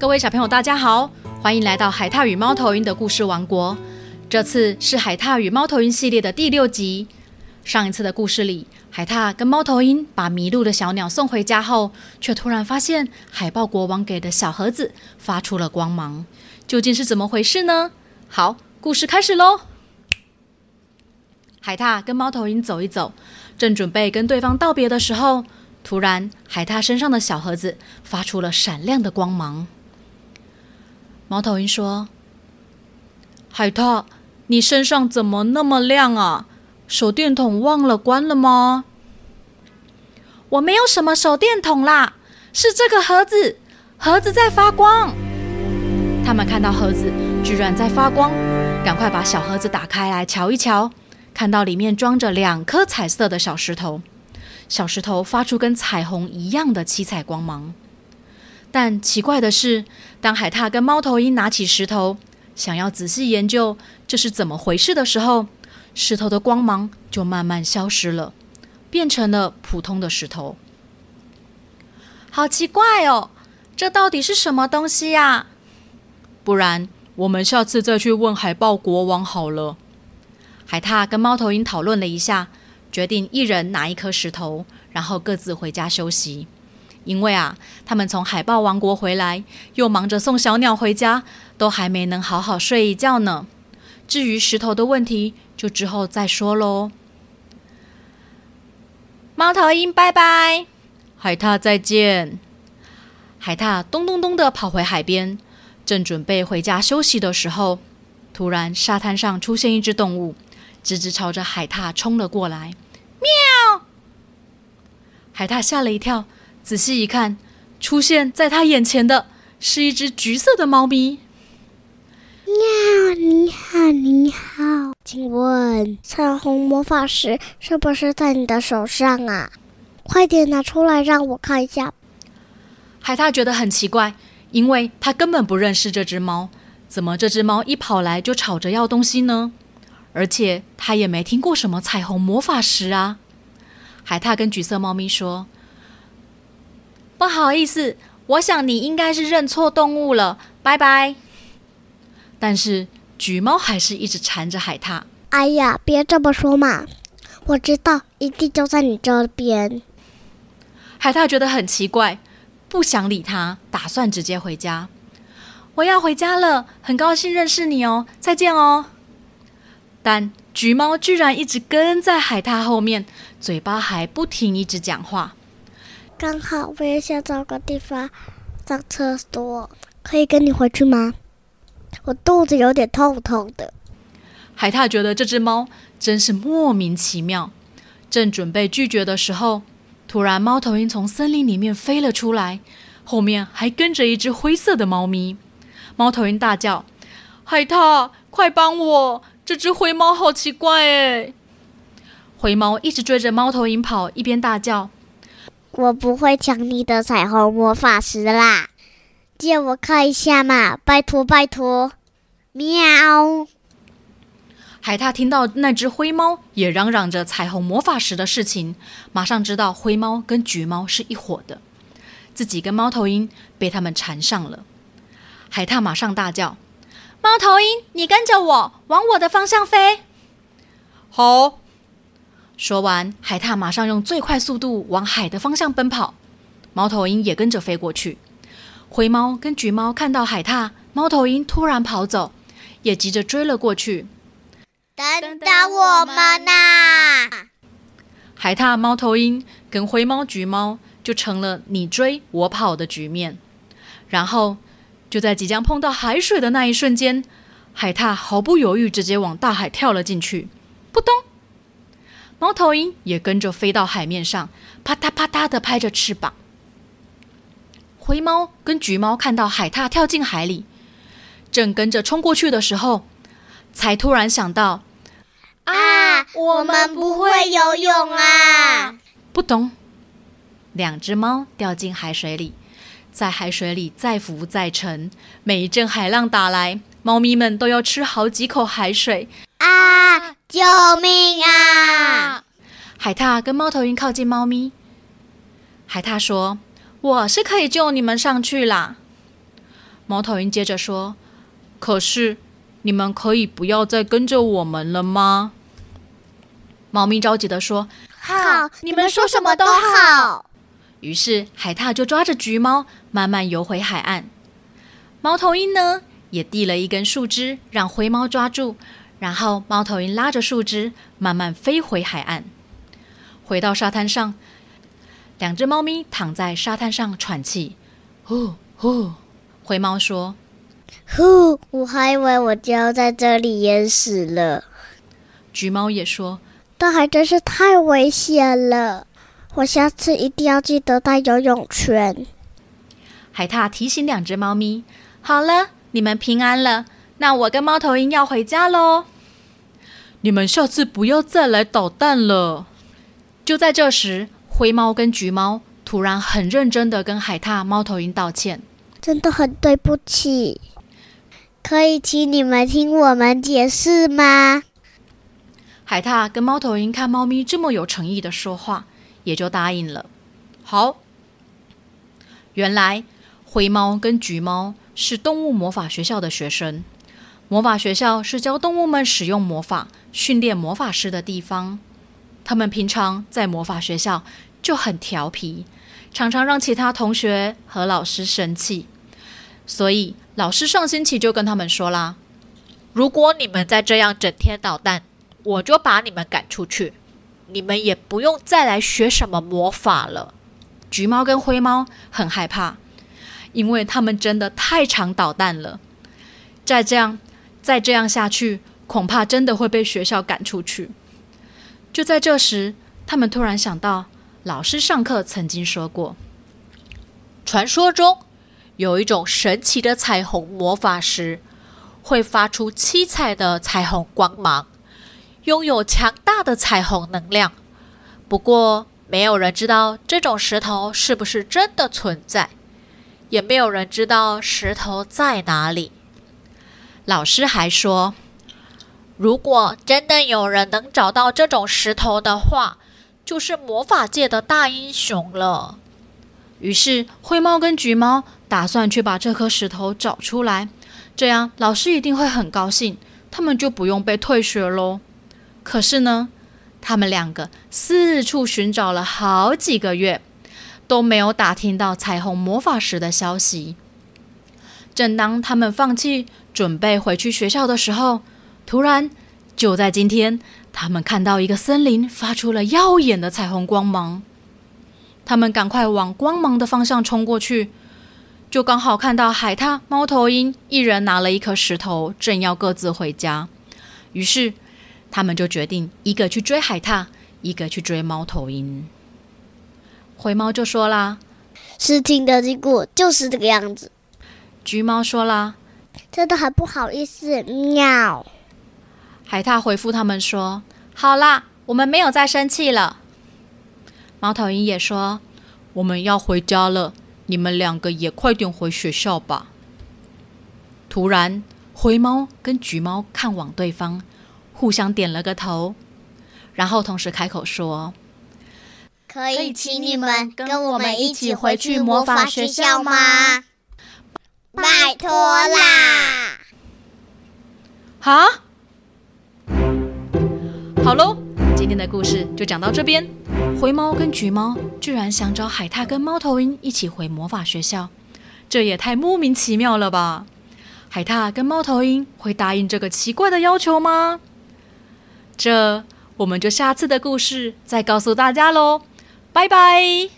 各位小朋友，大家好，歡迎來到海獺與貓頭鷹的故事王國。這次是海獺與貓頭鷹系列的第六集。上一次的故事裡，海獺跟貓頭鷹把迷路的小鳥送回家後，卻突然發現海豹國王給的小盒子發出了光芒。究竟是怎麼回事呢？好，故事開始嘍。海獺跟貓頭鷹走一走，正準備跟對方道別的時候，突然海獺身上的小盒子發出了閃亮的光芒。貓頭鷹說：“海獺，你身上怎麼那麼亮啊？手電筒忘了關了嗎？”我沒有什麼手電筒啦，是這個盒子，盒子在發光。他們看到盒子居然在發光，趕快把小盒子打開來瞧一瞧，看到裡面裝着兩顆彩色的小石頭，小石頭發出跟彩虹一樣的七彩光芒。但奇怪的是，當海獺跟貓頭鷹拿起石頭，想要仔細研究這是怎麼回事的時候，石頭的光芒就慢慢消失了，變成了普通的石頭。好奇怪哦，這到底是什麼東西呀？不然我們下次再去問海豹國王好了。海獺跟貓頭鷹討論了一下，決定一人拿一顆石頭，然後各自回家休息。因為啊，他們從海豹王國回來，又忙着送小鳥回家，都還沒能好好睡一覺呢。至於石頭的問題，就之後再說嘍。貓頭鷹拜拜，海獺再見。海獺咚咚咚地跑回海邊，正準備回家休息的時候，突然沙灘上出現一隻動物，直直朝着海獺衝了過來。喵！海獺嚇了一跳。仔細一看，出現在他眼前的是一隻橘色的貓咪。喵，你好，你好，請問彩虹魔法石是不是在你的手上啊？快點拿出來讓我看一下。海獺覺得很奇怪，因為他根本不認識這隻貓，怎麼這隻貓一跑來就吵着要東西呢？而且他也沒聽過什麼彩虹魔法石啊。海獺跟橘色貓咪說。不好意思，我想你應該是認錯動物了，拜拜。但是橘貓還是一直纏着海獺。哎呀，別這麼說嘛，我知道一定就在你這邊。海獺覺得很奇怪，不想理牠，打算直接回家。我要回家了，很高興認識你哦，再見哦。但橘貓居然一直跟在海獺後面，嘴巴還不停一直講話。剛好我也想找個地方上廁所，可以跟你回去嗎？我肚子有點痛痛的。海獺覺得這只貓真是莫名其妙，正準備拒絕的時候，突然貓頭鷹從森林裡面飛了出來，後面還跟着一隻灰色的貓咪。貓頭鷹大叫：“海獺，快幫我！這只灰貓好奇怪誒！”灰貓一直追着貓頭鷹跑，一邊大叫。我不會搶你的彩虹魔法石啦，借我看一下嘛，拜託拜託！喵。海獺聽到那隻灰貓也嚷嚷着彩虹魔法石的事情，馬上知道灰貓跟橘貓是一夥的，自己跟貓頭鷹被他們纏上了。海獺馬上大叫：“貓頭鷹，你跟着我，往我的方向飛！”好。說完，海獺馬上用最快速度往海的方向奔跑，貓頭鷹也跟着飛過去。灰貓跟橘貓看到海獺、貓頭鷹突然跑走，也急着追了過去。等等我們吶啊！海獺、貓頭鷹跟灰貓、橘貓就成了你追我跑的局面。然後就在即將碰到海水的那一瞬間，海獺毫不猶豫，直接往大海跳了進去，撲通。貓頭鷹也跟着飛到海面上，啪嗒啪嗒的拍着翅膀。灰貓跟橘貓看到海獺跳進海裡，正跟着衝過去的時候，才突然想到：“啊，啊我們不會，不會游泳啊！”不懂。兩隻貓掉進海水裡，在海水裡再浮再沉，每一陣海浪打來，貓咪們都要吃好幾口海水。啊！救命啊！啊海獺跟貓頭鷹靠近貓咪。海獺說：“我是可以救你們上去啦。”貓頭鷹接着說：“可是你們可以不要再跟着我們了嗎？”貓咪着急地說：“好，啊，說好，你們說什麼都好。”於是海獺就抓着橘貓慢慢游回海岸。貓頭鷹呢，也遞了一根樹枝讓灰貓抓住。然後，貓頭鷹拉着樹枝慢慢飛回海岸，回到沙灘上。兩隻貓咪躺在沙灘上喘氣，呼呼。灰貓說：“呼，我還以為我就要在這裡淹死了。”橘貓也說：“大海真是太危險了，我下次一定要記得帶游泳圈。”海獺提醒兩隻貓咪：“好了，你們平安了。”那我跟貓頭鷹要回家嘍。你們下次不要再來搗蛋了。就在這時，灰貓跟橘貓突然很認真的跟海獺、貓頭鷹道歉：“真的很對不起，可以請你們聽我們解釋嗎？”海獺跟貓頭鷹看貓咪這麼有誠意的說話，也就答應了。好，原來灰貓跟橘貓是動物魔法學校的學生。魔法學校是教動物們使用魔法、訓練魔法師的地方。他們平常在魔法學校就很調皮，常常讓其他同學和老師生氣。所以老師上星期就跟他們說啦：“如果你們再這樣整天搗蛋，我就把你們趕出去，你們也不用再來學什麼魔法了。”橘貓跟灰貓很害怕，因為他們真的太常搗蛋了。再這樣。再這樣下去，恐怕真的會被學校趕出去。就在這時，他們突然想到，老師上課曾經說過，傳說中有一種神奇的彩虹魔法石，會發出七彩的彩虹光芒，擁有強大的彩虹能量。不過，沒有人知道這種石頭是不是真的存在，也沒有人知道石頭在哪裡。老師還說，如果真的有人能找到這種石頭的話，就是魔法界的大英雄了。於是灰貓跟橘貓打算去把這顆石頭找出來，這樣老師一定會很高興，他們就不用被退學嘍。可是呢，他們兩個四處尋找了好幾個月，都沒有打聽到彩虹魔法石的消息。正當他們放棄，準備回去學校的時候，突然，就在今天，他們看到一個森林發出了耀眼的彩虹光芒。他們趕快往光芒的方向衝過去，就剛好看到海獺、貓頭鷹一人拿了一顆石頭，正要各自回家。於是，他們就決定一個去追海獺，一個去追貓頭鷹。灰貓就說啦：“事情的經過就是這個樣子。”橘貓說啦。真的很不好意思，喵。海獺回復他們說：“好啦，我們沒有再生氣了。”貓頭鷹也說：“我們要回家了，你們兩個也快點回學校吧。”突然，灰貓跟橘貓看望對方，互相點了個頭，然後同時開口說：“可以，請你們跟我們一起回去魔法學校嗎？”拜託啦！好、啊，好嘍，今天的故事就講到這邊。灰貓跟橘貓居然想找海獺跟貓頭鷹一起回魔法學校，這也太莫名其妙了吧？海獺跟貓頭鷹會答應這個奇怪的要求嗎？這我們就下次的故事再告訴大家嘍。拜拜！